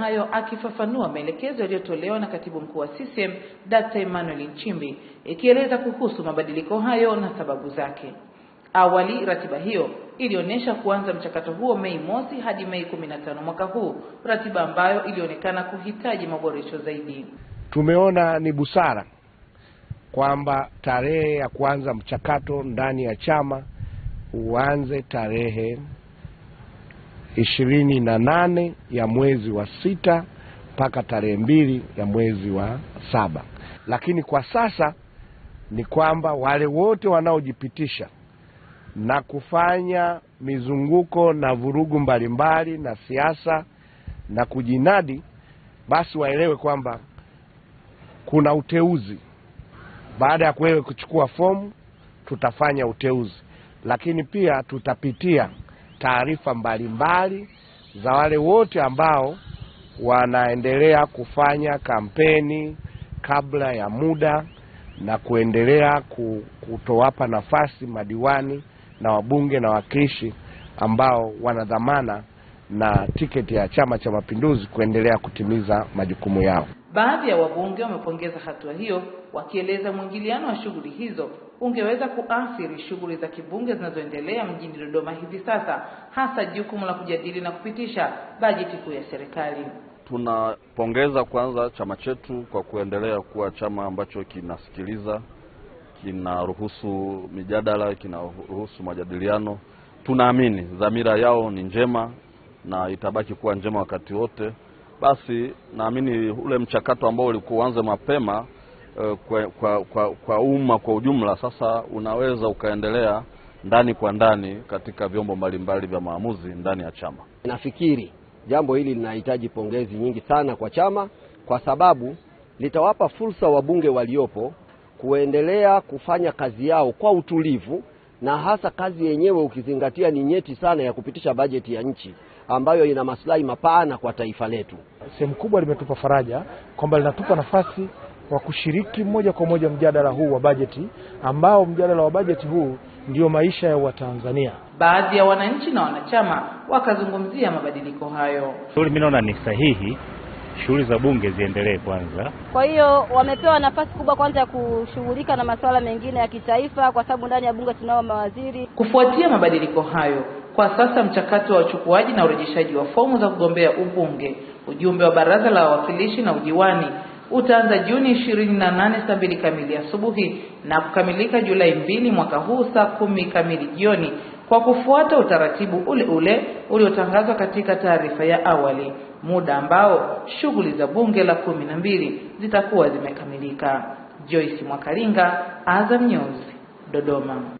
Hayo akifafanua maelekezo yaliyotolewa na katibu mkuu wa CCM Dr. Emmanuel Nchimbi ikieleza kuhusu mabadiliko hayo na sababu zake. Awali ratiba hiyo ilionyesha kuanza mchakato huo Mei mosi hadi Mei 15 mwaka huu, ratiba ambayo ilionekana kuhitaji maboresho zaidi. Tumeona ni busara kwamba tarehe ya kuanza mchakato ndani ya chama uanze tarehe ishirini na nane ya mwezi wa sita mpaka tarehe mbili ya mwezi wa saba. Lakini kwa sasa ni kwamba wale wote wanaojipitisha na kufanya mizunguko na vurugu mbalimbali na siasa na kujinadi, basi waelewe kwamba kuna uteuzi. Baada ya kuwewe kuchukua fomu, tutafanya uteuzi, lakini pia tutapitia taarifa mbalimbali za wale wote ambao wanaendelea kufanya kampeni kabla ya muda na kuendelea kutowapa nafasi madiwani na wabunge na wawakilishi ambao wanadhamana na tiketi ya Chama cha Mapinduzi kuendelea kutimiza majukumu yao. Baadhi ya wabunge wamepongeza hatua hiyo, wakieleza mwingiliano wa shughuli hizo ungeweza kuathiri shughuli za kibunge zinazoendelea mjini Dodoma hivi sasa, hasa jukumu la kujadili na kupitisha bajeti kuu ya serikali. Tunapongeza kwanza chama chetu kwa kuendelea kuwa chama ambacho kinasikiliza, kinaruhusu mijadala, kinaruhusu majadiliano. Tunaamini dhamira yao ni njema na itabaki kuwa njema wakati wote. Basi naamini ule mchakato ambao ulikuwa uanze mapema Eh, kwa, kwa, kwa, kwa umma kwa ujumla. Sasa unaweza ukaendelea ndani kwa ndani katika vyombo mbalimbali vya maamuzi ndani ya chama. Nafikiri jambo hili linahitaji pongezi nyingi sana kwa chama, kwa sababu litawapa fursa wabunge waliopo kuendelea kufanya kazi yao kwa utulivu, na hasa kazi yenyewe ukizingatia ni nyeti sana ya kupitisha bajeti ya nchi ambayo ina maslahi mapana kwa taifa letu. Sehemu kubwa limetupa faraja kwamba linatupa nafasi wa kushiriki moja kwa moja mjadala huu wa bajeti, ambao mjadala wa bajeti huu ndio maisha ya Watanzania. Baadhi ya wananchi na wanachama wakazungumzia mabadiliko hayo. Mimi naona ni sahihi shughuli za bunge ziendelee kwanza. Kwa hiyo wamepewa nafasi kubwa kwanza ya kushughulika na masuala mengine ya kitaifa, kwa sababu ndani ya bunge tunao mawaziri. Kufuatia mabadiliko hayo, kwa sasa mchakato wa uchukuaji na urejeshaji wa fomu za kugombea ubunge, ujumbe wa baraza la wawakilishi na ujiwani utaanza Juni ishirini na nane saa mbili kamili asubuhi na kukamilika Julai mbili mwaka huu saa kumi kamili jioni kwa kufuata utaratibu ule ule uliotangazwa katika taarifa ya awali, muda ambao shughuli za bunge la kumi na mbili zitakuwa zimekamilika. Joyce Mwakalinga, Azam News, Dodoma.